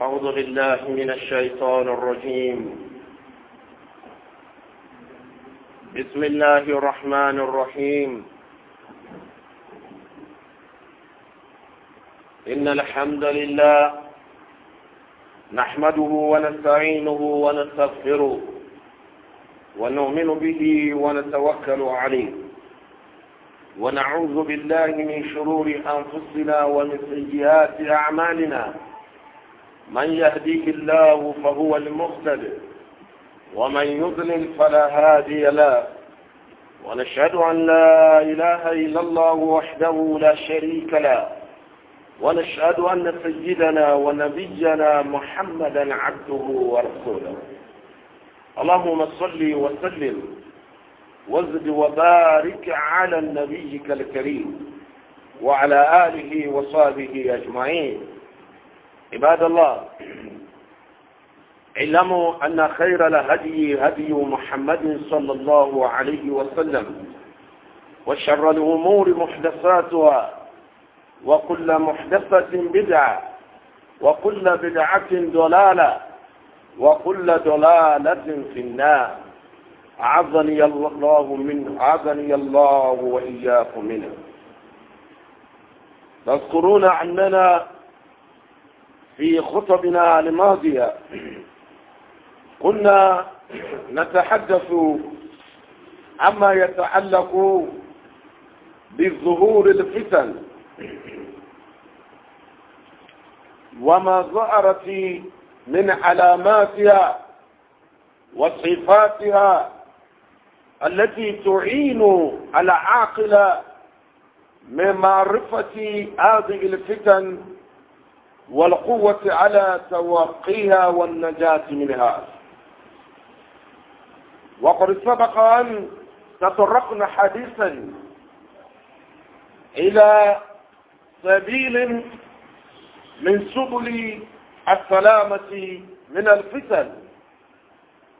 أعوذ بالله من الشيطان الرجيم بسم الله الرحمن الرحيم إن الحمد لله نحمده ونستعينه ونستغفره ونؤمن به ونتوكل عليه ونعوذ بالله من شرور أنفسنا ومن سيئات أعمالنا من يهديه الله فهو المهتد ومن يضلل فلا هادي له ونشهد أن لا إله إلا الله وحده لا شريك له ونشهد أن سيدنا ونبينا محمدا عبده ورسوله اللهم صل وسلم وزد وبارك على نبيك الكريم وعلى آله وصحبه أجمعين عباد الله اعلموا أن خير الهدي هدي محمد صلى الله عليه وسلم وشر الأمور محدثاتها وكل محدثة بدعة وكل بدعة ضلالة وكل ضلالة في النار عظني الله من عظني الله وإياكم منه تذكرون أننا في خطبنا الماضية كنا نتحدث عما يتعلق بظهور الفتن وما ظهرت من علاماتها وصفاتها التي تعين العاقل من معرفة هذه الفتن والقوة على توقيها والنجاة منها وقد سبق أن تطرقنا حديثا إلى سبيل من سبل السلامة من الفتن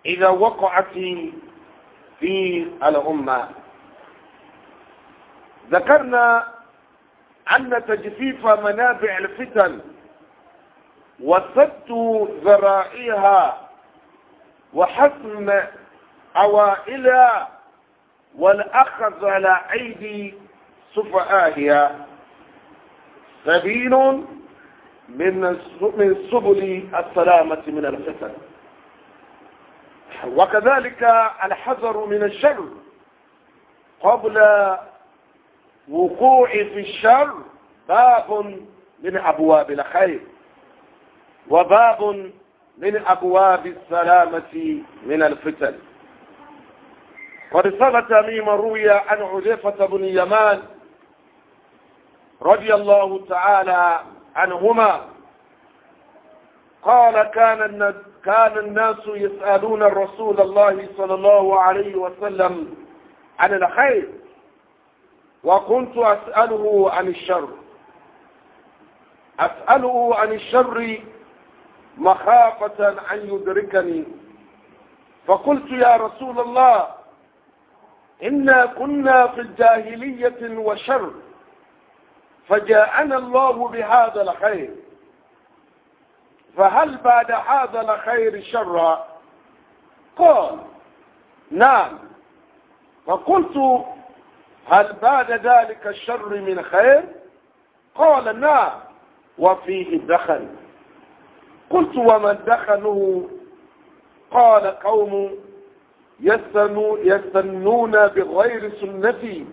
إذا وقعت في الأمة ذكرنا أن تجفيف منابع الفتن وسدت ذرائعها وحسم عوائلها والأخذ على أيدي سفهاءها سبيل من من سبل السلامة من الفتن وكذلك الحذر من الشر قبل وقوع في الشر باب من أبواب الخير وباب من أبواب السلامة من الفتن قد ثبت مما روي عن حذيفة بن يمان رضي الله تعالى عنهما قال كان كان الناس يسألون الرسول الله صلى الله عليه وسلم عن الخير وكنت أسأله عن الشر أسأله عن الشر مخافة أن يدركني فقلت يا رسول الله إنا كنا في الجاهلية وشر فجاءنا الله بهذا الخير فهل بعد هذا الخير شر قال نعم فقلت هل بعد ذلك الشر من خير قال نعم وفيه دخل قلت ومن دخله قال قوم يستنون بغير سنتي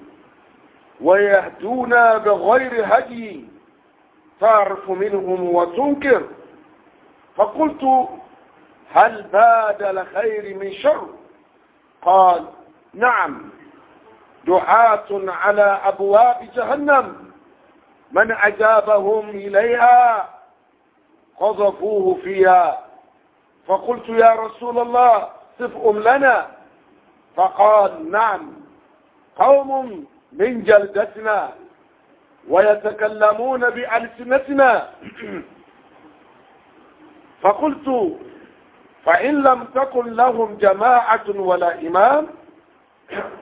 ويهدون بغير هدي تعرف منهم وتنكر فقلت هل بادل لخير من شر قال نعم دعاة على أبواب جهنم من أجابهم إليها قذفوه فيها فقلت يا رسول الله صفهم لنا فقال نعم قوم من جلدتنا ويتكلمون بألسنتنا فقلت فإن لم تكن لهم جماعة ولا إمام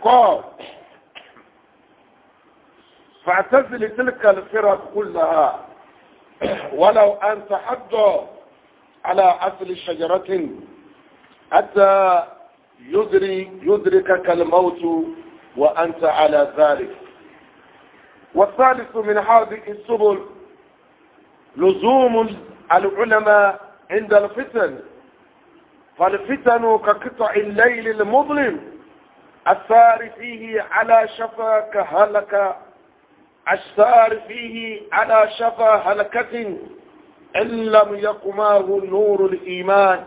قال فاعتزل تلك الفرق كلها ولو أن تحض على أصل شجرة حتى يدري يدركك الموت وأنت على ذلك والثالث من هذه السبل لزوم العلماء عند الفتن فالفتن كقطع الليل المظلم السار فيه على شفاك هلك السار فيه على شفا هلكة إن لم يقماه نور الإيمان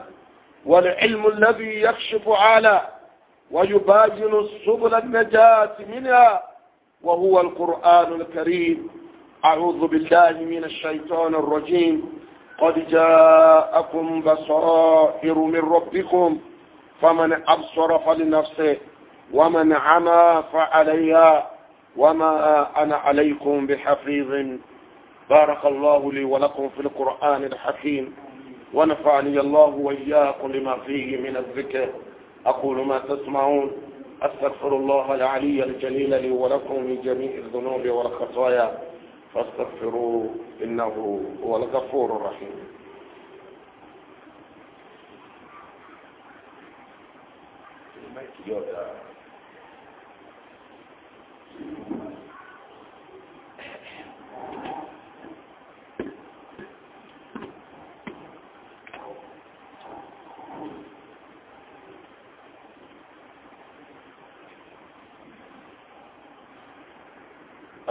والعلم الذي يكشف على ويباجن سبل النجاة منها وهو القرآن الكريم أعوذ بالله من الشيطان الرجيم قد جاءكم بصائر من ربكم فمن أبصر فلنفسه ومن عمى فعليها وما أنا عليكم بحفيظ بارك الله لي ولكم في القرآن الحكيم ونفعني الله وإياكم لما فيه من الذكر أقول ما تسمعون أستغفر الله العلي الجليل لي ولكم من جميع الذنوب والخطايا فاستغفروه إنه هو الغفور الرحيم Thank you.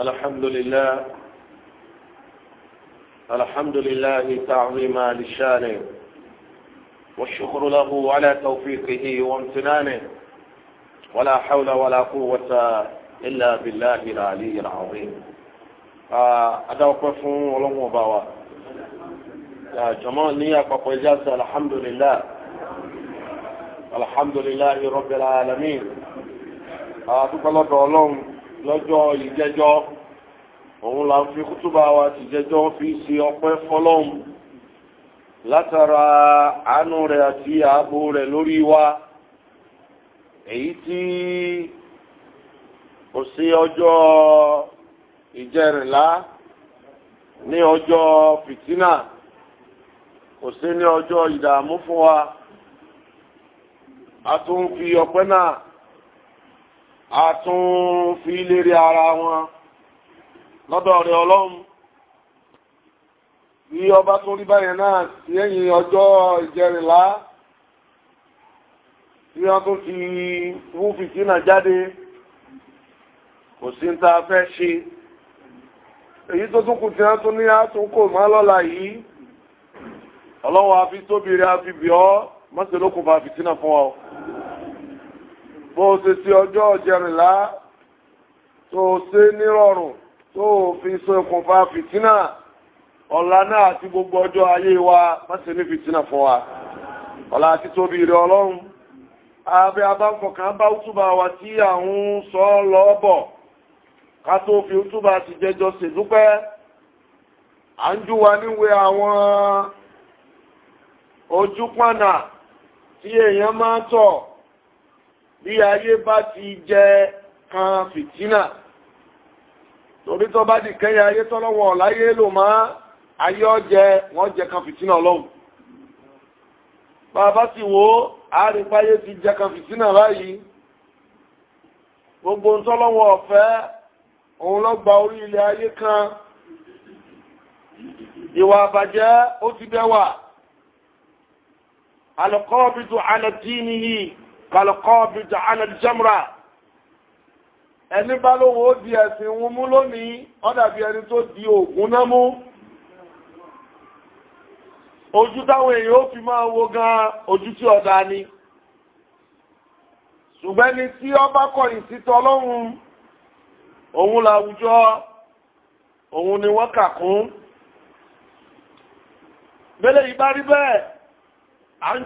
الحمد لله الحمد لله تعظيما لشانه والشكر له على توفيقه وامتنانه ولا حول ولا قوة إلا بالله العلي العظيم أدعوكم ولم وبوا جماعة نية وقوزاز الحمد لله الحمد لله رب العالمين أدعوكم الله lọ́jọ́ ìjẹjọ́ òun là ń fi kútúbà wa ti jẹjọ́ fi ṣe ọpẹ́ fọlọ́hun látara àánú rẹ̀ àti ààbò rẹ̀ lórí wa èyí tí kò sí ọjọ́ ìjẹrìnlá ní ọjọ́ fìtínà kò sí ní ọjọ́ ìdààmú fún wa a tún fi ọpẹ́ náà àtún fi lérí ara wọn lọ́dọ̀ rẹ̀ ọlọ́run bí ọba tó rí báyẹn náà sí ẹ̀yìn ọjọ́ ìjẹrìnlá tí wọ́n tó fi wú fìtínà jáde kò sí ta fẹ́ ṣe èyí tó tún kù tí wọ́n tún ní àtúnkò má lọ́la yìí ọlọ́run àfi tóbi rẹ̀ àfi bì ọ́ mọ́sẹ̀ lókùnfà fìtínà fún ọ bó ṣe ti ọjọ́ jẹrìnlá tó ṣe nírọ̀rùn tó fi ṣokùnfà fìtínà ọ̀la náà àti gbogbo ọjọ́ ayé wa má ní fìtínà fún wa ọ̀la àti tóbi rẹ̀ ọlọ́run abẹ́ abáǹkọ̀kan bá wa tí àwọn sọ lọ́ọ̀bọ̀ ká tó fi útúbà ti jẹjọ ṣèdúpẹ́ à ń júwa níwé àwọn ojúpọ̀nà tí èèyàn bí ayé bá ti jẹ kan fìtínà torí tó bá di kẹ́yà ayé tọ́lọ́wọ̀ láyé lò máa ayé ọjẹ wọ́n jẹ kan fìtínà ọlọ́run bàbá ti wò ó àrífáyé ti jẹ kan fìtínà báyìí gbogbo ń ọ̀fẹ́ òun lọ gba orí ilẹ̀ ayé kan ìwà àbàjẹ́ ó ti bẹ́wà alùkọ́ bí tó alẹ́ tí nìyí kàlùkọ́ọ̀bì jàánà jẹ́mùrà ẹni bá lówó di ẹ̀sìn wọn mú lónìí ó ẹni tó di ògùn náà mú ojú táwọn èèyàn ó fi máa wo gan ojú tí ọ̀dá ni ṣùgbọ́n ni tí ó bá sí òun ni wọ́n kà kún bẹ́lẹ̀ rí bẹ́ẹ̀ à ń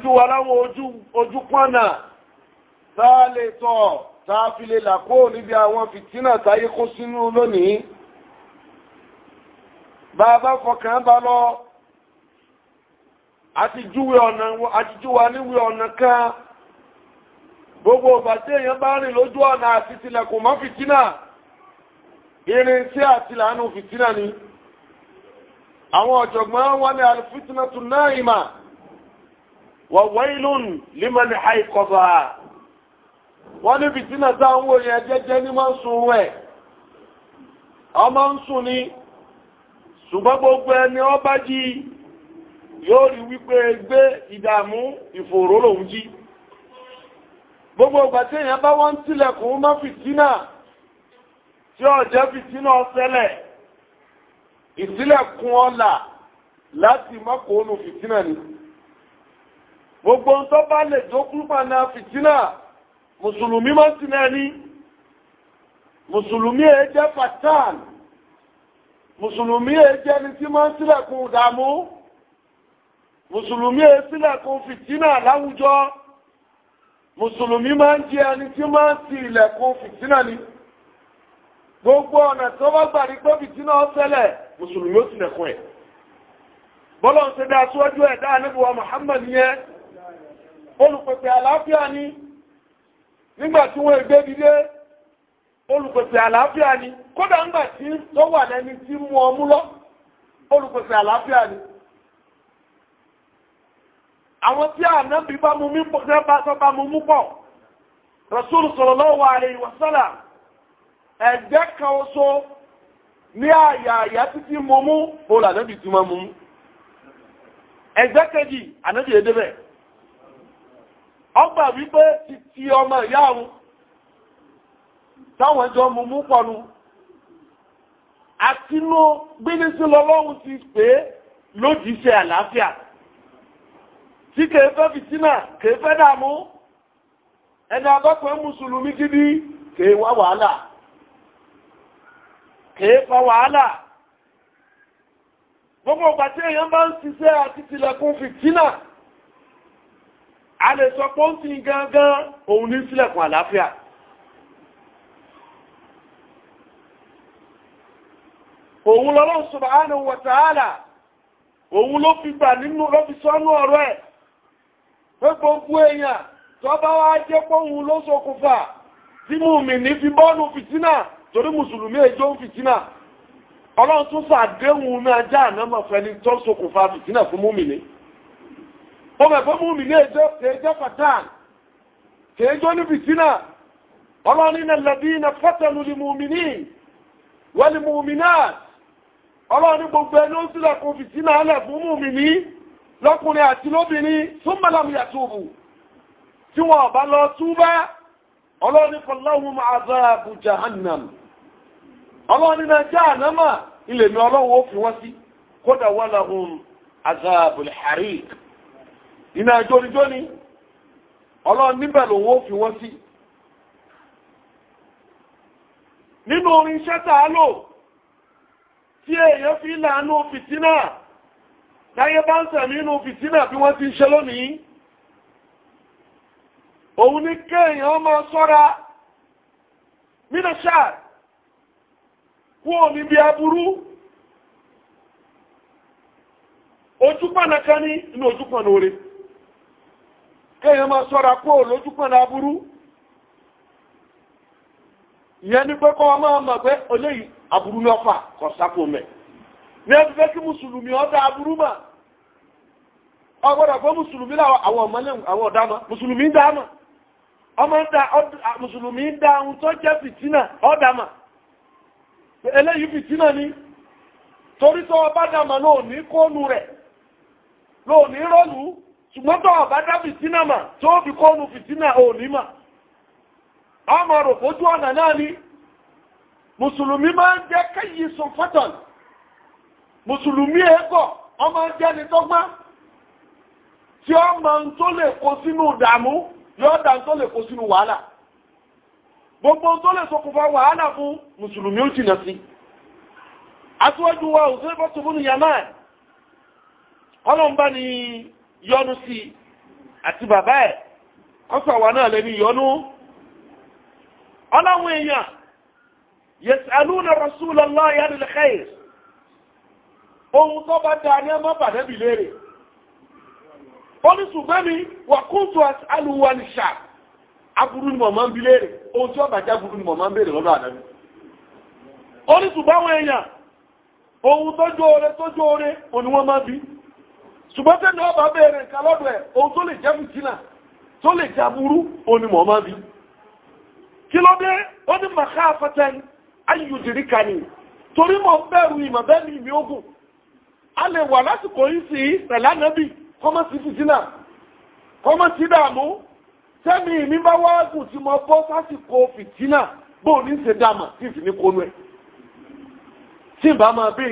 tá a lè tọ̀ tá a fi lè là kó níbi àwọn fìtínà táyé kó sínú lónìí bá a bá fọkàn bá lọ àti júwe ọ̀nà àti júwa níwe ọ̀nà kan gbogbo ọba tí èèyàn bá rìn lójú ọ̀nà àti tilẹ̀kùn mọ́ fìtínà irin tí àti lànà fìtínà ni àwọn ọ̀jọ̀gbọ́n wọn ni alfitnatu naima wa wailun liman haiqaba wọ́n ní bìtínà táwọn wò yẹn jẹ́jẹ́ ní máa ń sun rẹ̀ ọmọ ń sùn ni ṣùgbọ́n gbogbo ẹni ọba jí yóò rí wípé gbé ìdààmú lòun jí gbogbo ọgbà tí èèyàn bá wọ́n tilẹ̀kùn mọ́ fìtínà tí ó fìtínà ọ̀sẹ̀lẹ̀ ni gbogbo ohun tó bá lè mùsùlùmí máa ti náà ní mùsùlùmí ẹ jẹ́ fatan mùsùlùmí ẹ jẹ́ ni tí máa sílẹ̀kùn dàmú mùsùlùmí ẹ sílẹ̀kùn fìtínà láwùjọ mùsùlùmí máa ń jẹ́ ẹni tí máa ti ilẹ̀kùn fìtínà ni gbogbo ọ̀nà tó bá gbà ní pé fìtínà ó ṣẹlẹ̀ mùsùlùmí ó tilẹ̀kùn ẹ̀ bọ́lọ̀ ń ṣe dá aṣíwájú ẹ̀dá níbuwa Muhammad yẹn olùpẹ̀pẹ̀ àlàáfíà ni nígbà tí wọ́n gbé bí olùpèsè àlàáfíà ni kódà ńgbà tí tó wà lẹ́ni tí mú ọmú lọ olùpèsè àlàáfíà ni àwọn tí ànábì bá mú mí pọ̀ tẹ́ bá mú mú pọ̀ Rasul sallallahu alaihi wasallam ẹ̀gbẹ́ kan oṣo ní àyà àyà títí mọ́mú olùpèsè ànábì tí mọ́ mú ẹgbẹ́ kejì ànábì ọgbà wípé ti ti ọmọ ìyá ọ̀run táwọn ẹjọ́ mú mú pọ̀nù àti inú gbínísí lọ́lọ́run ti pé lójíṣẹ́ àlàáfíà tí kèéfẹ́ fìtínà kèéfẹ́ dàmú ẹni abọ́pẹ́ mùsùlùmí gidi kèéwà wàhálà kèéfà wàhálà gbogbo ọgbà tí èèyàn bá ń ṣiṣẹ́ àti tilẹ̀kùn fìtínà a lè sọ pé ó ń sin gangan òun ní sílẹ̀kùn àlàáfíà òun lọ́lọ́run subhanahu wa ta'ala òun ló fi gbà nínú ló fi sọ́nú ọ̀rọ̀ ẹ̀ pé gbogbo èèyàn tó bá wá jẹ́ pọ́hun ló ṣokùnfà tí mùmínì fi bọ́ọ̀nù fìtínà torí mùsùlùmí èjò ń fìtínà ọlọ́run tún fàdéhùn náà já ànámọ̀fẹ́ni tó ṣokùnfà fìtínà fún mùmínì ó mẹ́ fún múmi ní ẹjọ́ pàtàkì kèéjọ́ níbi sínà ọlọ́rin alladhina fatanu lil mu'minin wal mu'minat ọlọ́rin gbogbo ẹni ó sílẹ̀ kò fi sínà alẹ̀ fún múmi ní lọ́kùnrin àti lóbìnrin thumma lam yatubu tí wọ́n bá lọ túbá ọlọ́rin falahum azabu jahannam iná jónijóni ọlọ́run níbẹ̀ lòun ó fi wọ́n sí nínú orin iṣẹ́ tàá tí fi láàánú fìtínà láyé bá ń sẹ̀mí inú fìtínà bí wọ́n ti ṣe lónìí òun ní kéèyàn máa sọ́ra nínú n'i kú kéèyàn máa sọ́ra kó lójúpọ̀nà aburú ìyẹn ni pé kọ́ ọmọ ọmọ pé oléyìí aburú lọ́fà kọ̀ sápò mẹ́ ní ẹbí fẹ́ kí mùsùlùmí ọ̀dà aburú mà ọgbọ́dọ̀ fún mùsùlùmí láwọn àwọn ọmọlẹ́ àwọn ọ̀dámà mùsùlùmí dáàmà ọmọ da mùsùlùmí dá ohun tó jẹ́ fìtínà ọ̀dámà eléyìí fìtínà ni torí tó ọba dáàmà lóòní kónú rẹ̀ lóòní rọ́lùú ṣùgbọ́n tó ọ̀bá dá fìtínà mà tó fi kọ́nu fìtínà òní mà ọmọ rò fojú ọ̀nà náà ni mùsùlùmí máa ń jẹ́ kẹ́yìí sùn fọ́tọ̀n mùsùlùmí ẹ̀kọ́ ọmọ jẹ́ ni tọ́gbọ́n tí ó mọ ń tó lè kó sínú ìdààmú yóò dá tó lè kó sínú wàhálà gbogbo tó lè ṣokùnfà wàhálà fún mùsùlùmí ó jìnà sí aṣíwájú wa òṣèlú bọ́tùmù ni yamá ọlọ́mbá ni yọ́nú sí i àti bàbá ẹ̀ kọ́sọ̀ wa náà lẹ́ni yọ́nú ọlọ́run èèyàn yẹ̀sàlúnà rasulallá yánilẹ̀ kẹ́yìr ohun tó bá dáa ní ọmọ bàdẹ́bì léèrè ó ní wà kúntù alùwà aburú ni mọ̀mọ́ ń bi léèrè ohun tí ó bàjẹ́ aburú ni mọ̀mọ́ ń béèrè lọ́dọ̀ àdáni ó ní èèyàn ohun tó jóore tó jóore òní wọ́n máa bí ṣùgbọ́n tẹ́ ní ọba bẹ̀rẹ̀ nǹkan lọ́dọ̀ ẹ̀ ohun tó lè jẹ́ fìtínà tó lè jà burú òní mọ̀ máa bí kí ló dé ó ní màkà afẹ́tẹ́ni ayùdìrí ka ni torí mọ̀ ń bẹ̀rù ìmọ̀bẹ́ni ìmí ogun a lè wà lásìkò yìí sí pẹ̀lánàbì kọ́mọ́ sí fìtínà kọ́mọ́ sí dààmú tẹ́mi ìmí bá wáàgùn tí mo bọ́ sásìkò fìtínà bó ní ṣe dàmà tí ì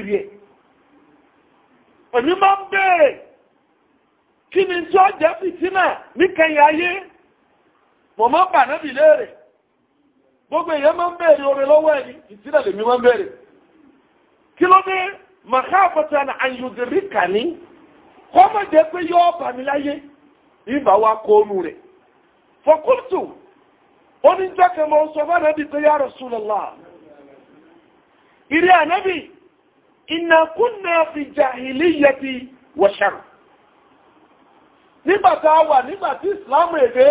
ní èmi máa ń béèrè kí ni tí ó jẹ́ fìtínà níkẹyìn ayé mọ̀mọ́ bà náàbì léèrè gbogbo èyẹ máa ń bèèrè oore lọ́wọ́ ẹni ìtínà lèmi máa ń bèèrè kí ló dé màkàbọ̀tà ní ayùdírí kàní kọ́ mọ̀ jẹ́ pé yọ́ bà mí láyé ìbá wa kó omi rẹ̀ fọkúntù oníjọ́kẹ́ mọ́ sọ bá náàbì pé yá Rasulullah ìrẹ́ ànábì inna kunna fi jahiliyyati wa nígbà tá a wà nígbà tí islam èdè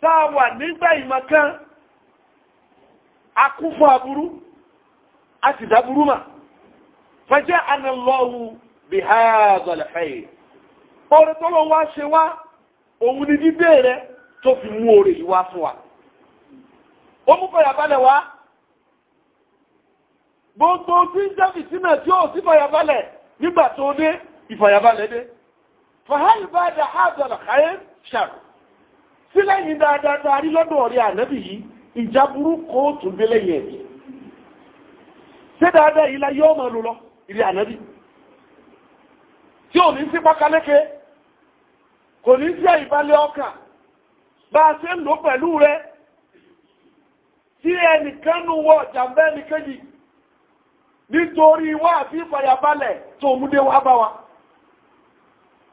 tá a wà nígbà ìmọ̀kan akúfọ́ aburú a ti dáburú mà fẹjẹ́ anàlọ́wù bí ha zọlẹ̀fẹ́ orí tọ́lọ wá ṣe wá òun ni dídé rẹ tó fi mú orí ìwá fún wa ó mú fọyàbalẹ̀ wá gbogbo tí ń jẹ́ fìtínà tí ó sí fọyàbalẹ̀ nígbà tó dé ìfọyàbalẹ̀ dé fahal bá da hadal khair shar sílẹ̀ yìí dáadáa lọ́dọ̀ rí ànábì yìí ìjà burúkú ó tún délé yẹn bí ṣé dáadáa la yóò máa lò lọ ìrí ànábì tí ní sí pákálẹ́kẹ́ nítorí wá wa.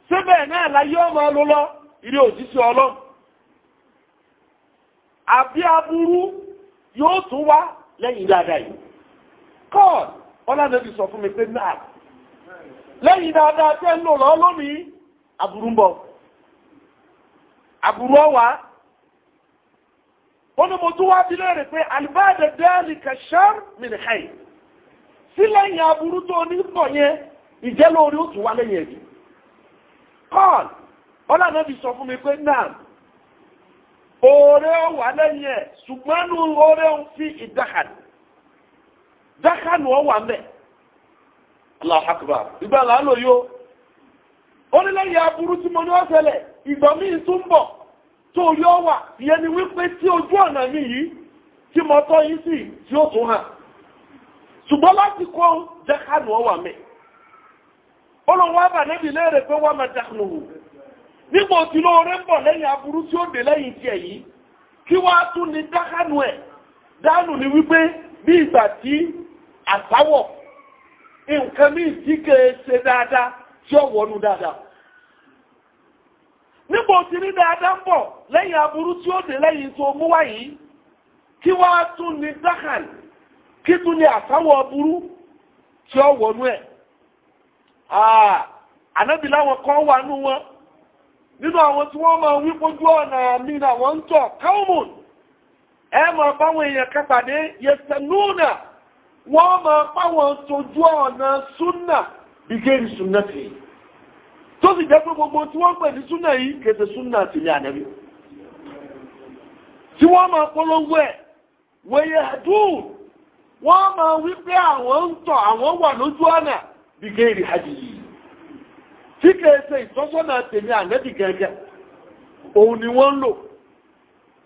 síbẹ̀ náà láyé ọmọ ọlọ́lọ́ ilé òjíṣẹ́ ọlọ́ àbí aburú yóò tún wá lẹ́yìn dáadáa yìí kọ́ọ̀d ọlọ́dẹ̀bí sọ fún mi pé náà lẹ́yìn dáadáa tẹ́ ń lò lọ lónìí aburú ń bọ̀ aburú ọwà wọ́n ni mo tún wá bí lẹ́rẹ̀ pé alibáàdẹ̀ dẹ́ẹ̀lì kẹsàn mìíràn sí lẹ́yìn aburú tó ní pọ̀ yẹn ìjẹ́ lórí ó tún wá lẹ́yìn ẹ̀dùn kọ́ọ̀lù ọlá náà fi sọ fún mi pé náà oore ó wà lẹ́yìn ẹ̀ ṣùgbọ́n nù oore ń fi ìdáhàdì dáhàdì ó wà mẹ́ Allahu ìgbà làálò yóò ó ní aburú tí mo ní ó ìgbà míì tún bọ̀ tó yọ wà ìyẹn ni wípé tí ojú ọ̀nà mi yìí tí mo tọ́ sí tí ó tún hàn ṣùgbọ́n láti kó olówó àbà níbi léèrè pé wọ́n mẹ́ta nù nígbò tí lóore ń bọ̀ lẹ́yìn aburú tí ó dé lẹ́yìn tiẹ̀ yìí kí wọ́n á tún ní dáhánù ẹ̀ dáhánù ni wípé bí ìgbà tí àsáwọ̀ nǹkan míì tí kèé ṣe dáadáa tí ó wọnú dáadáa nígbò tí ní dáadáa ń bọ̀ lẹ́yìn aburú tí ó dé lẹ́yìn tó mú wá yìí kí wọ́n tún ní dáhánù kí tún ní àsáwọ̀ aburú tí ó wọnú ẹ̀ Aa ah, láwọn kan wà nú wọn nínú àwọn tí wọ́n máa wípójú ọ̀nà àmì àwọn ń tọ̀ kalmon ẹ máa báwọn èèyàn kápàdé yẹsẹ̀núnà wọ́n máa báwọn tójú ọ̀nà súnà súnà tó gbogbo tí wọ́n pè súnà yìí kèsè súnà tì ní ànábì tí wọ́n máa polówó ẹ̀ wẹ̀yẹ̀ wọ́n máa wípé àwọn ń bí géèrè tí kèé ìtọ́sọ́nà tèmi ànẹ́bì gẹ́gẹ́ òun ni wọ́n lò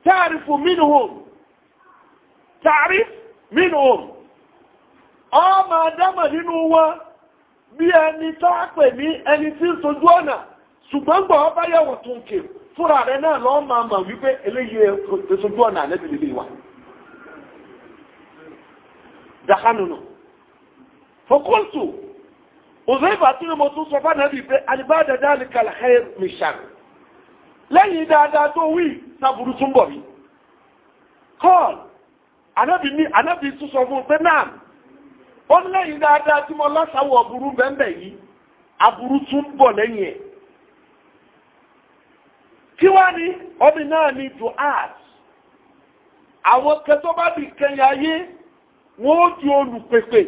tààrífù minhum tààrífù minhum ọmọ adámà nínú wọn bí ẹni tó ní ẹni tí ń sojú ọ̀nà ṣùgbọ́n gbọ́ ọba yẹ̀wò tó ń kè rẹ̀ náà máa wípé eléyìí sojú ọ̀nà òṣèlú tí mo tún sọ fánàbí pé alìbáàdà dáàlì kàlàkẹ́ mìṣàn lẹ́yìn dáadáa tó wí sàbùrú tún bọ̀ mí kọ́ọ̀l anábì ní anábì tún sọ fún pé náà ó lẹ́yìn dáadáa tí mo lásàwọ̀ ọ̀bùrú bẹ́ẹ̀ yìí aburú tún bọ̀ lẹ́yìn ẹ̀ kí wá ní ọbì náà ní duas àwọn kẹtọ́ bá bì kẹyìn ayé wọ́n ó di olùpèpè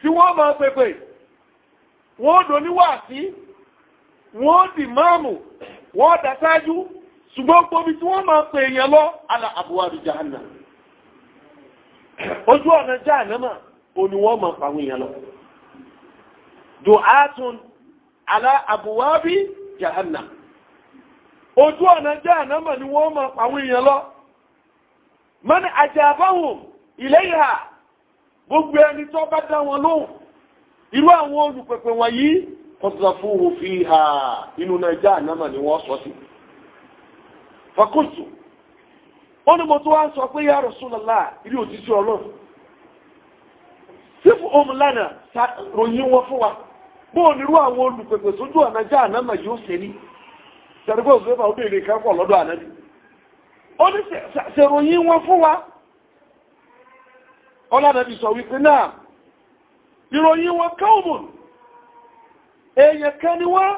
tí wọ́n máa pèpè wọ́n dò níwàásí wọ́n dì máàmù wọ́n dàtájú ṣùgbọ́n gbóbi tí wọ́n máa pè èèyàn lọ ala àbúwádìí jahanna ojú ọ̀nà jahannama òní wọ́n máa pàwọn èèyàn lọ du'atun ala àbúwábí jahanna ojú ọ̀nà jahannama ni wọ́n máa pàwọn èèyàn lọ man ajabahum ilayha gbogbo ẹni tó bá dá wọn lóhùn irú àwọn olùpẹ̀pẹ̀ wọ̀nyí kọ́tà fi ha inú nàìjà ànámà ni wọ́n sọ sí. fakultu ó ní mo wá sọ pé ya Rasulullah irú òtítí ọlọ́run sífù ohun ròyìn wọn fún wa bóò nírú àwọn olùpẹ̀pẹ̀ sójú ànájà ànámà yóò ṣe ní sẹ́dúgbò òṣèlú àwọn obìnrin lọ́dọ̀ ó ní wọn fún wa sọ wípé ìròyìn wọn èèyàn kan ni wọ́n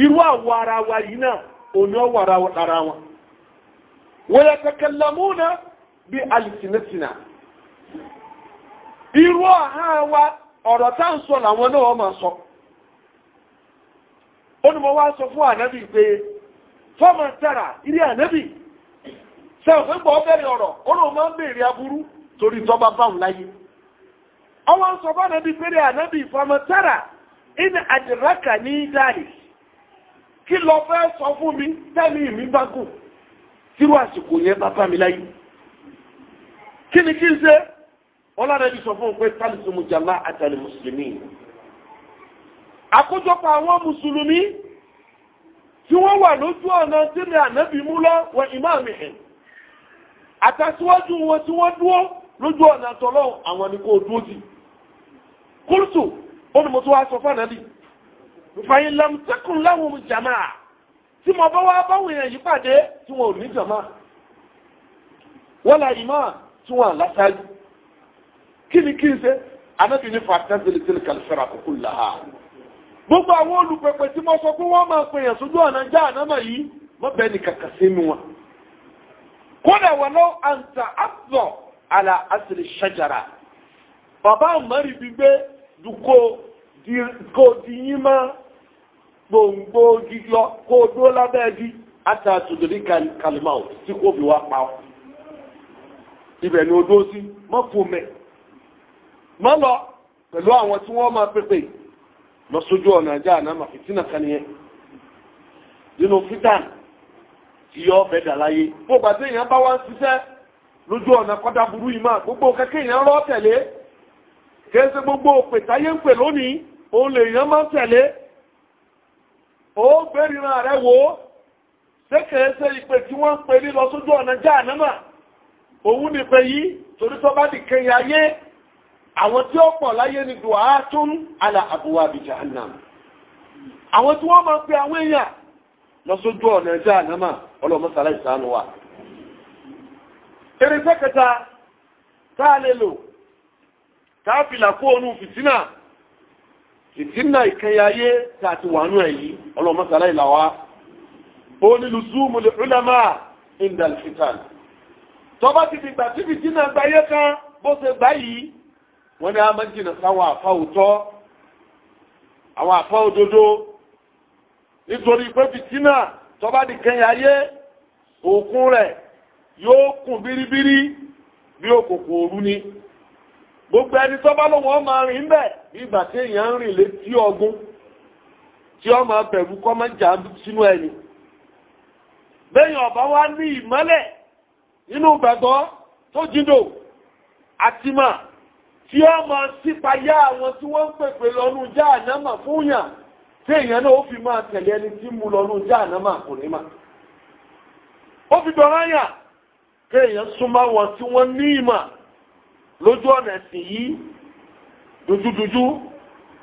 ní àwọ̀ ara wa yìí náà òní ọwọ́ ara lára wọn wọ́n yẹ kẹkẹ lamúnà bí alìsìnẹ́sìnà wa ọ̀rọ̀ tá ń sọ làwọn náà máa sọ ó ní mo wá sọ fún ànábì pé fọ́mọ̀ tẹ́ra ilé ànábì sẹ́wọ̀n gbọ́ ọ̀rọ̀ ó máa ń aburú torí tọ́ba báwọn láyé ọwọ́ sọ bá nàbí péré ànábì ìfọmọtara ìní àdìrákà ní dáàrí kí lọ fẹ́ sọ fún mi tẹ́lẹ̀ mi bá gùn tírú àsìkò yẹn bá bá mi láyé kí ni kí n ṣe ọlọ́dẹ̀bí sọ fún pé tálísùmù jàmbá àtàlẹ̀ mùsùlùmí àkójọpọ̀ àwọn mùsùlùmí tí wọ́n wà lójú ọ̀nà tí ànábì mú lọ wọ ìmáàmì ẹ̀ àtàsíwájú wọn tí wọ́n dúró lójú ọ̀nà tọ́lọ́ àwọn ni kò dúró sí kúrútù ó ní mo tún wá sọ fún ànábì fàyín lamtẹ́kùn láwọn jàmá tí mo bá wá báwọn èèyàn yìí pàdé tí wọn ò ní jàmá wọ́n la ìmọ̀ tí wọn àlásáájú kí ni kí n ṣe ní là á gbogbo àwọn olùpẹ̀pẹ̀ tí mo sọ pé wọ́n máa pè yàn sójú ọ̀nà já ànámà yìí mọ́ ni kàkà sínú wọn kódà wọn àǹtà àpọ̀ ala asìlì shajara baba àmọ́rí gbígbé duko dìyín mọ́ gbòǹgbò jíjọ kó dúró lábẹ́ ẹbí àti àtòdòrí kalimau tí kò fi wá pa ọ́ ibẹ̀ ni odó sí mọ́ fòmẹ̀ mọ́ lọ pẹ̀lú àwọn tí wọ́n máa pépè lọ sójú ọ̀nà ajá àná màfìtínà kan nìyẹn nínú fítàn tí yọ ọbẹ̀ dà láyé bó bàtẹ́ èèyàn bá wá lójú ọ̀nà kọ́dá burú yìí máa gbogbo kẹ́kẹ́ èèyàn rọ́ tẹ̀lé kìí ṣe gbogbo òpè táyé ń pè lónìí òun lè èèyàn máa tẹ̀lé ó gbéríra rẹ̀ wò ó ṣé kìí ṣe ìpè tí wọ́n ń pè ní lọ sójú ọ̀nà já ànámà òun ní pé yìí torí tó bá di kẹyìn ayé àwọn tí ó pọ̀ láyé ni dùá tún àlà àbúwá bi jahannam àwọn tí wọ́n máa pe àwọn èèyàn lọ ọ̀nà já ànámà ọlọ́mọ sàlẹ̀ ìsànù wa irinṣẹ́ kẹta táà lè lò káàfìlà kó onú fìtínà fìtínà ìkẹyàyé tààtì wànú ẹ̀yí ọlọ́mọ́sàlá ìlàwá ó nílù zúúmù lè rúlẹ́mà indal fitan tọba ti fi gbà tí fìtínà gbáyé kan bó ṣe gbá yìí wọ́n ní a máa jìnà sáwọn àfá òtọ́ àwọn àfá òdodo nítorí pé fìtínà tọba di kẹyàyé òkun rẹ̀ yóò kùn bíríbírí bí òkòkò òru ni gbogbo ẹni tó bá lóun ọmọ rìn bẹ̀ ìgbà tí èèyàn ń rìn létí ọgún tí ọmọ bẹ̀rù kọ́ máa jà sínú ẹni bẹ́yìn ọ̀bá wá ní ìmọ́lẹ̀ nínú gbàgbọ́ tó jíndò àti mà tí ọmọ sípayá àwọn tí wọ́n ń pèpè lọ́nu ànámà fúnyà tí èèyàn náà ó fi máa tẹ̀lé ẹni tí mú lọ́nu ànámà kò ní mà ó fi dọ̀rọ̀ yàn kéèyàn súnmọ́ wọn tí wọ́n ní ìmọ̀ lójú ọ̀nà ẹ̀sìn yìí dúdúdúdú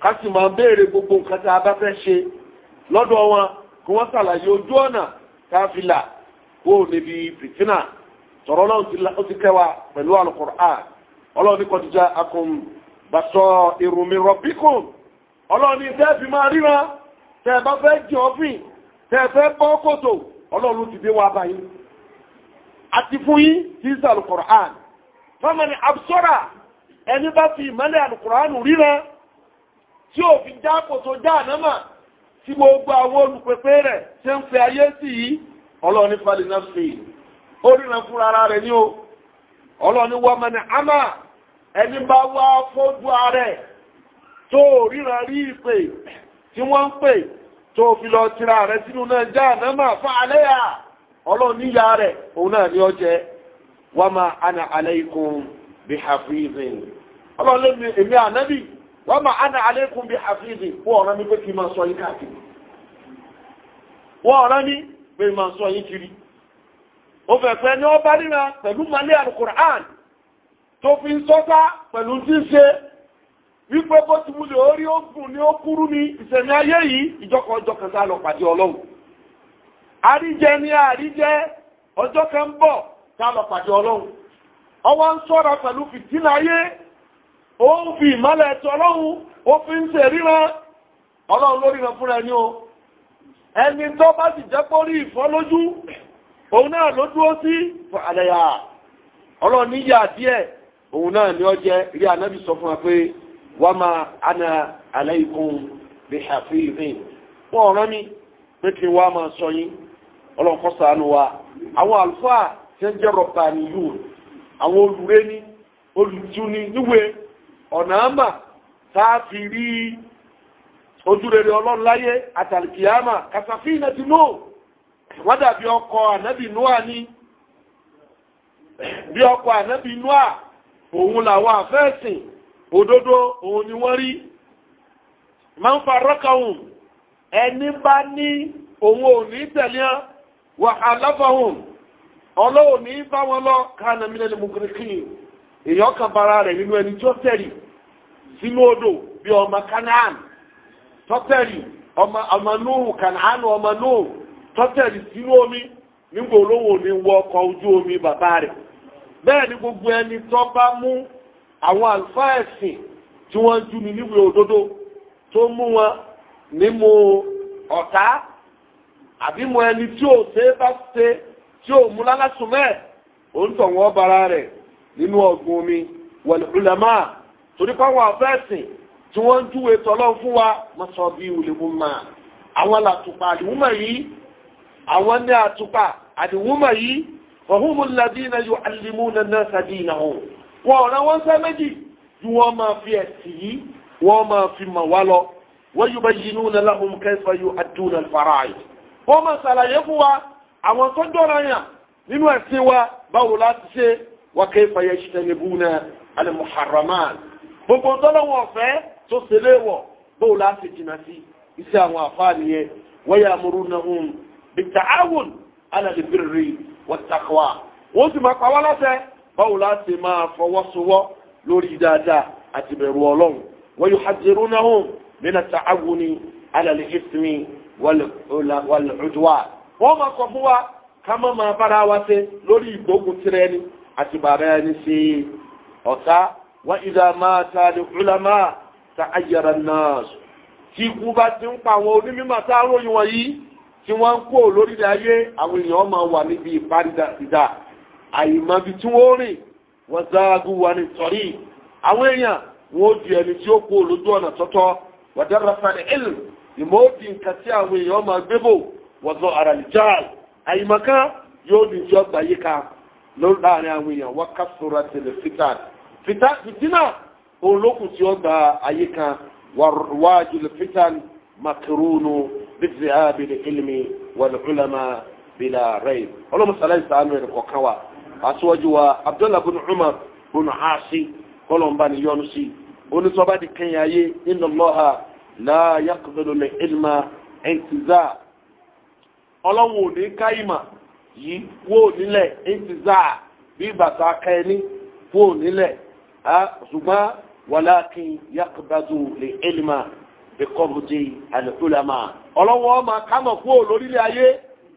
ká sì máa béèrè gbogbo nǹkan tí a bá fẹ́ ṣe lọ́dọ̀ wọn kí wọ́n ṣàlàyé ojú ọ̀nà káfílà kó o níbi fìtínà tọ̀rọ̀ náà ó ti kẹwàá pẹ̀lú alukur'an ọlọ́run ní kọjá akùn bàtọ̀ ìrùmí rọ̀bíkùn ọlọ́run ní tẹ́ fi máa ríran tẹ́ bá fẹ́ jẹ́ tẹ́ fẹ́ bọ́ kòtò ọlọ́run ti dé wá báyìí àti fún yín tí ń sàlù ni absora ẹni bá fi ìmọ́lẹ̀ tí ó fi jápò tó já ànámà tí gbogbo àwọn olùpẹ̀pẹ̀ rẹ̀ ṣe ń fẹ́ ayé sí yìí ọlọ́ọ̀ni falẹ̀ náà fi ó fún ní o ọlọ́ọ̀ni wọ́mọ̀ ni ẹni bá wá tó rí ìpè tí wọ́n ń pè tó fi lọ tira rẹ̀ sínú náà já ànámà ọlọ́run níyà rẹ̀ òun náà ni ó jẹ́ wa ma ana alaykum bi hafizin ọlọ́run lẹ́nu èmi ànábì wa ma ana alaykum bi hafizin fún ọ̀ràn mi pé kí n máa sọ yín káàkiri wọ́n mi pé máa sọ yín kiri ó fẹ́ pẹ́ ní ọba ríra pẹ̀lú malé alukur'an tó fi ń pẹ̀lú tí ń ṣe wípé bó ti orí ó gùn ní lọ pàdé ọlọ́run àríjẹ ní àríjẹ ọjọ́ kan bọ̀ ká lọ pàdé ọlọ́run ọwọ́ ń sọ́ra pẹ̀lú fìtínà ó ń fi ìmọ́lẹ̀ ẹ̀tọ́ ọlọ́run ó fi ń tẹ̀ ríran ọlọ́run lórí ran fúnra ẹni o ẹni tó bá sì jẹ́ pórí ìfọ́ lójú òun náà ló dúró sí fún àlẹ́yà ọlọ́run níyà díẹ̀ òun náà ni ó jẹ́ rí anábì sọ fún wa pé máa ana alaykum bí àfihàn rin. rán mi pé kí wọ́n máa sọ yín ọlọ́run kó ṣàánú wa àwọn àlùfáà tí ń jẹ́ rọ̀pà nìyú àwọn olùré ní olùtú ní níwé ọ̀nà àmà tá a fi rí ojúrere ọlọ́run láyé àtàlìkìyàmà kàtàfíìnà ti nù wọ́n dàbí ọkọ̀ ànábì Nóà ní bí ọkọ̀ ànábì Nóà òun làwọn àfẹ́ẹ̀sìn òdodo òun ni wọ́n rí máa ń fa rọ́kàùn ẹni bá ní òun ò ní tẹ̀lé wàhálàfàhùn ọlọ́wọ́ ní bá wọn lọ kánà mílẹ̀ ní mùgìrìkì èèyàn kan bara rẹ̀ nínú ẹni tó tẹ̀rì sínú odò bí ọmọ ọmọ ọmọ sínú omi nígbà olówó ní wọ ọkọ̀ omi bàbá rẹ̀ bẹ́ẹ̀ ni gbogbo ẹni tó bá mú àwọn àlùfáà ẹ̀sìn tí wọ́n àbí mo ẹni tí ò ṣe bá ṣe tí ò mú lálásùn mẹ́ẹ̀ ó ń tọ̀ wọ́n bara rẹ̀ nínú ọ̀gbun omi wal ulama torí pé àwọn àfẹ́sìn tí wọ́n ń júwe tọ́lọ́ fún wa wọ́n sọ bí olùmúmà àwọn làtùpà àdìwúmọ̀ yìí àwọn ní àtùpà àdìwúmọ̀ yìí fọ̀húnmù ladina yu'allimuna an-nasa dinahum wọn ọ̀rẹ́ wọn sẹ́ méjì ju wọn máa fi ẹ̀sìn yìí wọn máa fi mọ̀ wá lọ wa yubayyinuna lahum kayfa yu'adduna al-fara'id wọ́n máa ṣàlàyé fún wa àwọn tó jọra yàn nínú ẹ̀sìn wa báwo láti ṣe wa kayfa yajtanibuna al-muharramat gbogbo tọ́lọ́wọ̀n ọ̀fẹ́ tó ṣe báwo láti jìnà sí iṣẹ́ àwọn àfáà nìyẹn wa ya'murunahum bit-ta'awun 'ala al-birri wọ́n sì máa pàwọ́ lọ́sẹ̀ báwo láti máa fọwọ́sowọ́ lórí dáadáa àti bẹ̀rù ọlọ́run wa yuhadhdhirunahum wàlùdùwà wọ́n máa kọ fún wa ká má máa bára wa ṣe lórí ìgbógun tirẹ̀ ni àti bàbá ẹni ṣe ọ̀tá wọ́n ìdá máa ta ní ulama ta ayyara nas tí ikú bá ti ń pa àwọn onímọ̀ tá a ròyìn wọ̀nyí tí wọ́n ń kó lórí ayé àwọn èèyàn máa wà níbi ìparídà àìmọ́bi tí wọ́n rìn wọ́n záágú wa ní tọ́rí àwọn èèyàn wọ́n di ẹni tí ó kó lójú ọ̀nà tọ́tọ́ wọ́n dára fún ẹni ìmọ̀ọ́dì nǹkan tí àwọn èèyàn máa gbébò wọ́zọ̀ àràlìjáàl àyìmọ̀ká yóò di ìjọ gbàyíká láàrin àwọn èèyàn wọ́n kásòrò àtẹ̀lẹ̀ fitan fitina òun lókùn tí ó gba àyíká wájú lè fitan bíbí àbílẹ̀ ilmi wal ulama bílà rẹ̀ ọlọ́mọsálá ìsàánú ẹ̀rọ kọ̀ọ̀kan wa aṣíwájú wa abdullahi bin umar bin aasi kọlọ̀mbani yọnu si onítọ́ba di kẹyìn ayé inna Allaha la yaqbalu min ilma intiza ọlọ́run ò ní ká ìmọ̀ yìí wó nílẹ̀ intiza bí bàtà kẹni wó nílẹ̀ ṣùgbọ́n walakin yaqbalu li ilma bi qabdi al ulama ọlọ́run ọmọ kámọ̀ kú lórílẹ̀ ayé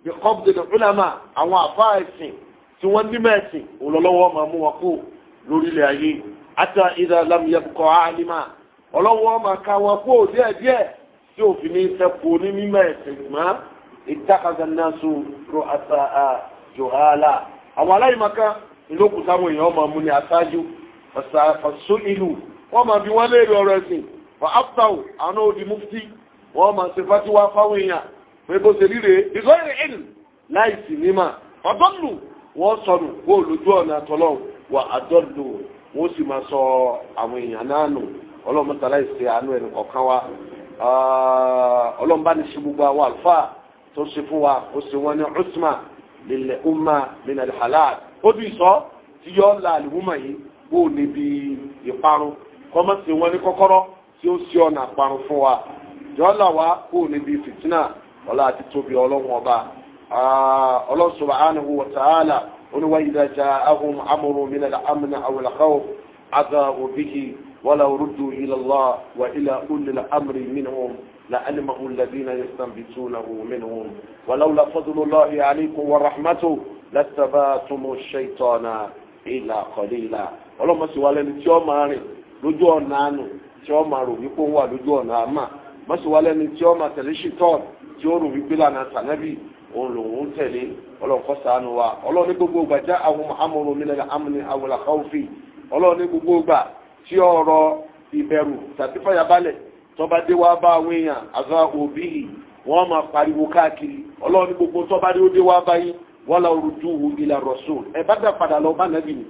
bi qabdi al ulama àwọn àfáà ẹ̀sìn tí wọ́n ní mẹ́sìn òlọ́lọ́wọ́ ọmọ mú wọn kú lórílẹ̀ ayé hatta ọlọ́wọ́ máa ka wọn kó díẹ̀ díẹ̀ tí òfin ní sẹ́kù ní mímọ́ ẹ̀sìn mọ́ ìtàkàgànnàṣù ro àṣà àjòhálà àwọn aláìmọ̀kan ìlókù táwọn èèyàn máa mú ní aṣáájú ọ̀sàfàṣó ìlú wọ́n máa bí wọ́n léèrè ọ̀rọ̀ ẹ̀sìn wọ́n ápùtàwò àwọn òdì mufti wọ́n máa ṣe fásiwá fáwọn èèyàn pé bó ṣe ríre ìgbọ́rẹ̀ ìlú láìsí nímà ọ̀dọ́lù wọ́n sọnù wọ́n lójú ọ̀nà àtọ́lọ́wọ́ wọ́n àdọ́lù wọ́n sì máa sọ àwọn èèyàn náà nù ọlọ́run mọ́tàlá ìṣe àánú ẹ̀rù kọ̀ọ̀kan wa ah, ọlọ́run bá ní ṣe gbogbo àwọn àlùfáà tó ṣe fún wa ó ṣe wọn ní usma lílẹ̀ umma min al-halal ó bí sọ tí yọ la àlùmọ́ yìí bó o níbi ìparun kọ́mọ́ ṣe wọn ní kọ́kọ́rọ́ tí ó ṣe ọ̀nà àparun fún wa yọ là wá bó o níbi fìtínà ọlá àti tóbi ọlọ́run ọba ah, ọlọ́run ولو ردوا إلى الله وإلى أولي الأمر منهم لعلمه الذين يستنبتونه منهم ولولا فضل الله عليكم ورحمته لاتبعتم الشيطان إلا قليلا ọlọ́mọ sì wà lẹ́ni tí ó máa rìn lójú ọ̀nà àánú tí ó máa rò wípé ó wà lójú ọ̀nà àmà mọ sì wà lẹ́ni tí ó máa tẹ̀lé ṣìtọ́ọ̀n tí ó rò wípé lànà tànẹ́bì òun lòun ń tẹ̀lé ọlọ́nkọ́ ṣàánú wa ọlọ́ọ̀ni gbogbo gbàjá àwọn amòrò mi lẹ́nu amúni àwọn làkàwọ́fì ọlọ́ọ̀ni gbogbo gbà tí ọ̀rọ̀ ìbẹ̀rù tàbí fàyàbalẹ̀ tó bá dé wá bá àwọn èèyàn àzá òbí yìí wọ́n máa pariwo káàkiri ọlọ́run gbogbo tó dé ó dé wá báyìí wọ́n la rújú hu ilà rasul ẹ bá dà padà lọ bá nàbì ni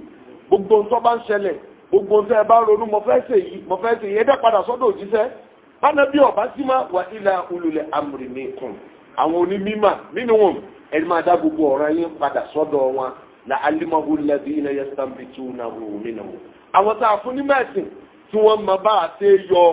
gbogbo tó bá ń ṣẹlẹ̀ gbogbo tó ẹ bá ronú mo fẹ́ ṣe yìí mo fẹ́ ṣe yìí ẹ dà padà sọ́dọ̀ òjíṣẹ́ bá nàbì ọ̀bá sí ma wà ilà olùlẹ̀ amri minkum àwọn onímímà nínú wọn ẹ máa dá gbogbo ọ̀rọ̀ yín padà sọ́dọ̀ wọn la alimahu ladina yastanbitunahu minhum àwọn tá a fún ní mẹ́sìn tí wọ́n mọ bá àti yọ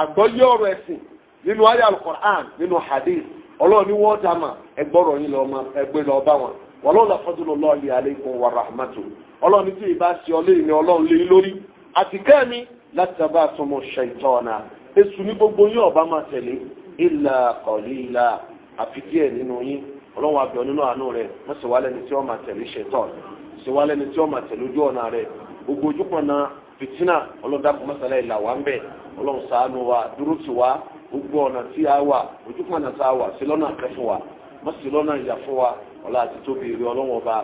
àgbọ́yé ọ̀rọ̀ ẹ̀sìn nínú ayé alukoran nínú hadith ọlọ́run ni wọ́n dá mà ẹgbọ́rọ̀ yín lọ ma ẹgbẹ́ lọ bá wọn wọn lọ́la fọ́dún lọ́ọ́ aleikum wa rahmatu ọlọ́run ní tí ì bá ṣe ọlé ìní ọlọ́run lé lórí àti kẹ́mi láti sábà súnmọ́ ṣètọ́nà èṣù ní gbogbo yín ọba máa tẹ̀lé ìlà kọ̀lí ìlà àfi díẹ̀ nínú yín ọlọ́run àbẹ̀ nínú àánú rẹ̀ wọ́n sì wá lẹ́ni tí wọ́n máa tẹ̀lé ṣètọ́n sì wá lẹ́ni tí wọ́n máa tẹ̀lé ojú ọ̀nà rẹ̀ gbogbo ojúkọ̀nà fìtínà ọlọ́dàkùn mọ́sálá ìlà wà ń bẹ̀ ọlọ́run ṣàánú wa dúró tì wá gbogbo ọ̀nà tí a wà ojúkọ̀nà tá a wà sí lọ́nà àkẹ́ fún wa mọ́ sí lọ́nà ìyà fún wa ọlá àti tóbi rí ọlọ́run ọba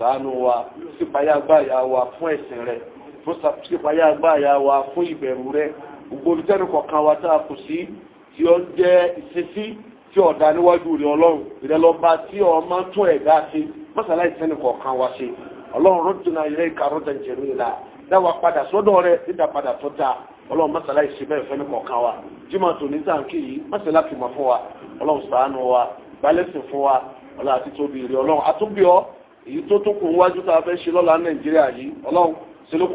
ṣàánú wa sípayá gbáyà wa fún ẹ̀sìn rẹ̀ sípayá gbáyà wa fún ìbẹ̀rù rẹ̀ gbogbo olùtẹ́nu kọ̀ọ̀kan wa tá a kù sí tí ó jẹ́ ìṣesí tí ọ̀dà níwájú rẹ̀ ọlọ́run ìrẹ́lọ́ba tí ọmọ ọlọ́run rọ́jìnà ilé ìkàrọ̀ jẹ̀jẹ̀rú ìlà dáwà padà sọ́dọ̀ rẹ̀ dídà padà tó ta ọlọ́run mọ́sálá ìṣẹ́bẹ̀ ìfẹ́ni kọ̀ọ̀kan wa jimá tó ní sànkì yìí mọ́sálá fi fún wa ọlọ́run wa wa ọlọ́run àti tóbi rí ọlọ́run àtúbíọ́ èyí tó tó kù wájú tá a fẹ́ ṣe lọ́la nàìjíríà yìí ọlọ́run fún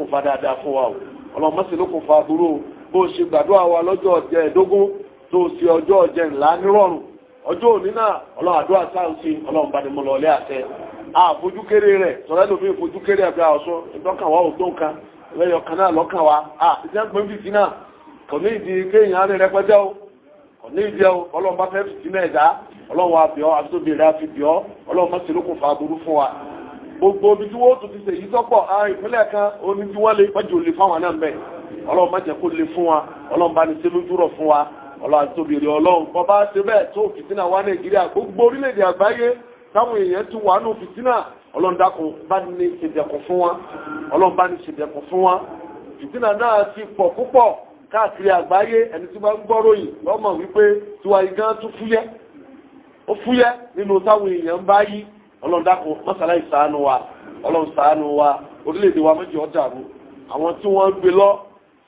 wa àfojúkéré rẹ̀ tọ́lá ló fi fojúkéré àgbà ọ̀ṣọ́ ìtọ́kàwá òtóǹkà lẹ́yọ̀ kan náà lọ́kàwá ìjẹ́gbẹ́ fìtí náà kò ní ìdí kéèyàn rẹ̀ rẹpẹtẹ o kò ní ìdí o ọlọ́run bá fẹ́ fìtí náà ẹ̀dá ọlọ́run wa bìọ́ àtúntòbí rẹ̀ àfi bìọ́ ọlọ́run máa ṣèlókùn fa aburú fún wa gbogbo ibi tí wọ́n tún ti ṣèyí sọ́pọ̀ àwọn ìpínlẹ̀ kan oní tí wọ́n lè pẹ́jù lè fáwọn náà mẹ́ ọlọ́run má jẹ́ kó táwọn èèyàn ti wà nù fìtínà ọlọ́ndàkùn bá ní ṣèdẹ̀kùn fún wa ọlọ́run bá ní ṣèdẹ̀kùn fún wa fìtínà náà ti pọ̀ púpọ̀ káàkiri àgbáyé ẹni tí wọ́n ń gbọ́ròyìn lọ́mọ wípé tiwa igán tún fúyẹ́ ó fúyẹ́ nínú táwọn èèyàn bá yí ọlọ́ndàkùn mọ́sálá ìsàánú wa ọlọ́run ṣàánú wa orílẹ̀-èdè wa méjì ọ̀dàrú àwọn tí wọ́n ń gbé lọ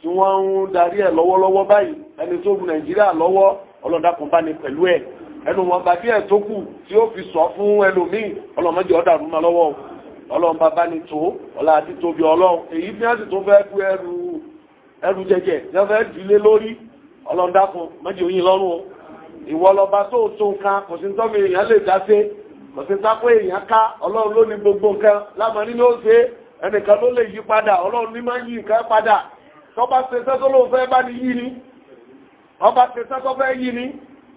tí wọ́n ń darí ẹ̀ lọ́wọ́lọ́wọ́ báyìí ẹni tó rú Nàìjíríà ẹnu wọn bá díẹ̀ tó kù tí ó fi sọ fún ẹlòmíì ọlọ́mọdé ọ̀dà rúmọ lọ́wọ́ ọlọ́run bàbá ni tó ọlá àti tóbi ọlọ́run èyí tí wọ́n sì tó fẹ́ kú ẹrù ẹrù jẹjẹ tí wọ́n fẹ́ dìlé lórí dákun oyin lọ́rùn o ìwọ lọba tó tó nǹkan kò sí èèyàn lè dá sí kò sí èèyàn ká ló ní gbogbo nǹkan ló ṣe ẹnìkan ló lè yí padà ní máa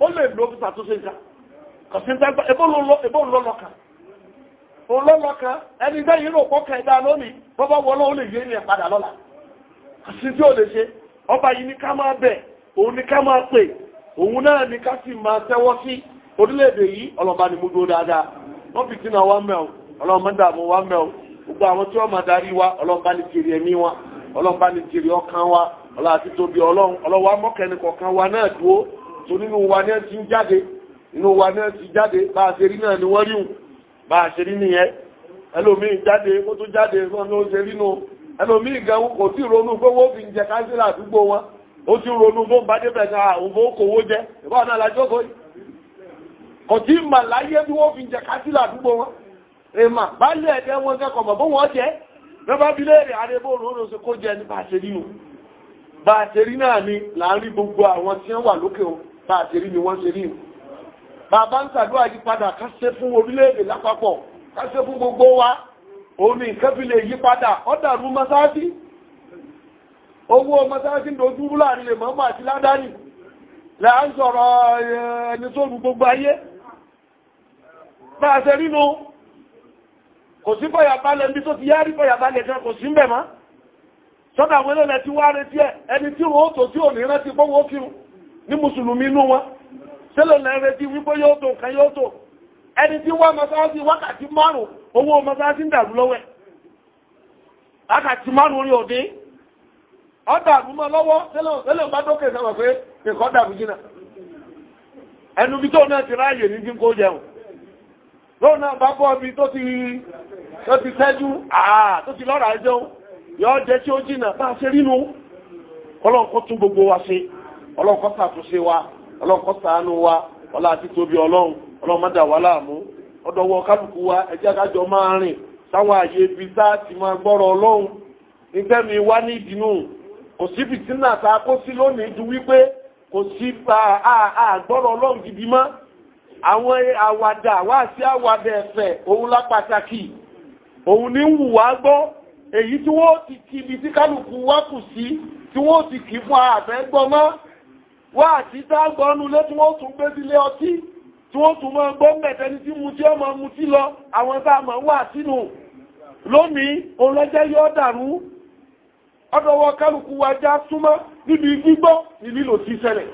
ó lè lo pípa tó ṣe ń ta kọ̀sí ń tẹ́gbà ebó ló ẹni tẹ́ yìí rò pọ́ lónìí bọ́bá wọlé ó lè yé ní ẹ̀padà lọ́la kọ̀sí tí ó lè ṣe ọba yìí ní ká máa bẹ̀ òun ní ká máa pè òun náà ní ká sì máa tẹ́wọ́ sí orílẹ̀-èdè yìí ọlọ́ba ni wa ní kiri wa ọkàn wa ọlọ́ àti tóbi ọlọ́run tó nínú wa náà ti ń jáde inú wa náà ti jáde bá a ṣe rí náà ni wọ́n ríhùn bá a ṣe rí nìyẹn ẹlòmíì jáde ó tó jáde wọn ló ṣe rínú ẹlòmíì gan kò tí ronú gbówó fi ń jẹ kánsílà àdúgbò wọn ó ti ronú bó ń bá débẹ̀ ká òfò kòwó jẹ ìbá náà lájọ́ kò yìí kò tí mà láyé bí wọ́n fi ń jẹ kánsílà àdúgbò wọn èèmà bá ẹ̀dẹ́ wọn kẹ́kọ̀ọ́ mọ̀ bó wọ́n jẹ́ lọ́ba bí léèrè arébó òróró ṣe kó jẹ ní bá a ṣe rí nù bá a ṣe rí náà ni là gbogbo àwọn tí wọ́n wà lókè wọn bá a ṣe rí ni wọ́n ṣe rí bàbá ń ṣàdúrà yí padà ká ṣe fún orílẹ̀-èdè lápapọ̀ ká ṣe fún gbogbo wa òun ni nǹkan fi lè yí padà ọ̀dàrú mọ́sáàtì owó mọ́sáàtì dojúrú láàrin lè mọ́mọ́ àti ládání là ń sọ̀rọ̀ ẹni tó rú gbogbo ayé bá a ṣe rí nu kò sí fọ̀yàbálẹ̀ níbi tó ti yá rí fọ̀yàbálẹ̀ kan kò sí ń bẹ̀ mọ́ sọ́dà àwọn ẹlẹ́lẹ́ ti wá retí ẹ ẹni tí wọ́n tó tí ò ní rántí pọ́wọ́ kírun ní musulumi inú wọn sílẹ̀ lẹ́rẹ̀ tí wípé yóò tó nǹkan yóò tó ẹni tí wá mọ́sáàsì wákàtí márùn owó mọ́sáàsì ń dàrú lọ́wọ́ wákàtí márùn orí òdí ọ̀dà àbúmọ́ lọ́wọ́ sílẹ̀ bá dókè sọ́wọ́ pé nǹkan dàrú jìnà ẹnu bí tó náà ti ráàyè ní jí kó jẹun lóun náà bá bọ́ bí tó ti tẹ́jú àà tó ti lọ́ràá yọ tí ó jìnà bá ṣe rínú gbogbo wa ọlọ́run kó ṣàtúnṣe wa ọlọ́run kó ṣàánú wa ọlá àti tóbi ọlọ́run ọlọ́run má dà wá láàmú ọ̀dọ̀wọ́ kálukú wa ẹ̀jẹ̀ àgájọ máa rìn sáwọn àyè ibi tá a ti máa gbọ́rọ̀ ọlọ́run nígbẹ́ mi wá ní ìdínú kò sí fìtínà tá a kó sí lónìí ju wípé kò sí àgbọ́rọ̀ ọlọ́run gidi mọ́ àwọn àwàdà wá sí àwàdà ẹ̀fẹ̀ òun lá pàtàkì òun ní wù wá gbọ́ èyí tí wọ́n ti kí ibi tí kálukú wá kù sí tí wọ́n ti kí fún àfẹ́ gbọ́ mọ́ wá àti dágbọ́nú lé tí wọ́n tún gbé sílé ọtí tí wọ́n tún máa gbọ́ mẹ́tẹ́ ní tí mu tí ọmọ mu tí lọ àwọn tá a máa wà sínú lónìí olójẹ́ yọ́ dàrú ọdọ̀wọ́ kálukú wa já súnmọ́ níbi gbígbọ́ ní lílò tí ṣẹlẹ̀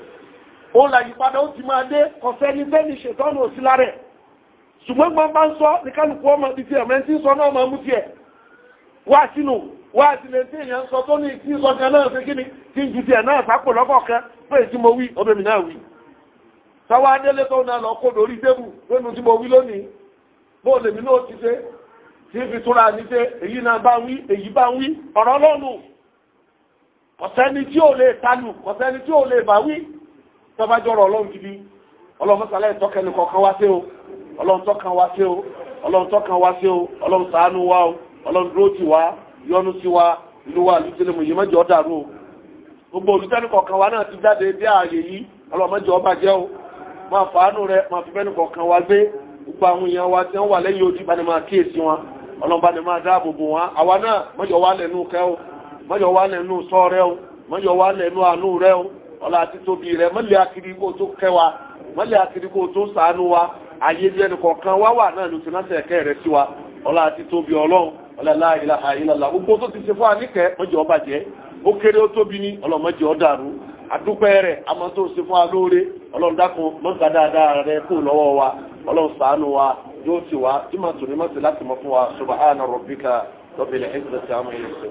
òun là yípadà ó ti máa dé kọfẹ́ ní bẹ́ẹ̀ni ṣètọ́nù òsí lárẹ̀ ṣùgbọ́n gbọ́n bá ń sọ ní kálukú ọmọ ibi tí ẹ̀mẹ́ tí ń sọ náà máa mú tiẹ̀ wá sínú wá sílẹ̀ tí èèyàn sọ tó ní ìtí sọ náà ṣe kí ni kí n ju tiẹ̀ náà sápò lọ́kọ̀ọ̀kan pé tí mo wí ọbẹ̀ mi náà wí sawa adélé tó náà lọ kó lórí débù lónìí tí mo wí lónìí bóò lèmi náà ti ṣe tí fi túnra ní ṣe èyí náà bá ń wí èyí bá ń wí ọ̀rọ̀ lọ́nu ọ̀sẹ́ni tí ò lè tanù ọ̀sẹ́ni tí ò lè bá wí ọlọ́run gidi o ọlọ́run tọ́kan wá sí o ọlọ́run tọ́kan o ọlọ́run o gbogbo olùtẹ́nu kọ̀ọ̀kan wa náà ti jáde bí ààyè yìí ọlọ́mọdé ọba jẹ́ o máa fàánù rẹ máa fi bẹ́nu kọ̀ọ̀kan wa gbé gbogbo àwọn èèyàn wa tí wọ́n wà lẹ́yìn ojú ìbáni máa kíyèsí wọn ọlọ́mọba ni máa dáàbò bò wọn àwa náà mọ́jọ wá lẹ́nu kẹ́ o mọ́jọ wá lẹ́nu sọ rẹ o mọ́jọ wá lẹ́nu àánú rẹ o ọlá àti tóbi rẹ mọ́lẹ̀ akiri tó kẹ́ wa mọ́lẹ̀ akiri kó tó sàánú wa àyè bí ẹnì kọ̀ọ̀kan wá wà náà ló ti náà tẹ̀kẹ́ rẹ sí wa ọlá àti tóbi ọlọ́run ọlá láàyè láàyè lálá gbogbo tó ti ṣe fún àníkẹ́ mọ́jọ ọba jẹ́ ó kéré ó tóbi ní ọlọ́mọdé ọ̀dàrú àdúpẹ́ rẹ̀ àmọ́ tó ṣe fún alóore ọlọ́run dákun dáadáa rẹ̀ kù lọ́wọ́ wa ọlọ́run wa yóò ti wá tí màá tò ní mọ́tò láti mọ́ fún wa subhana rabbika rabbil izzati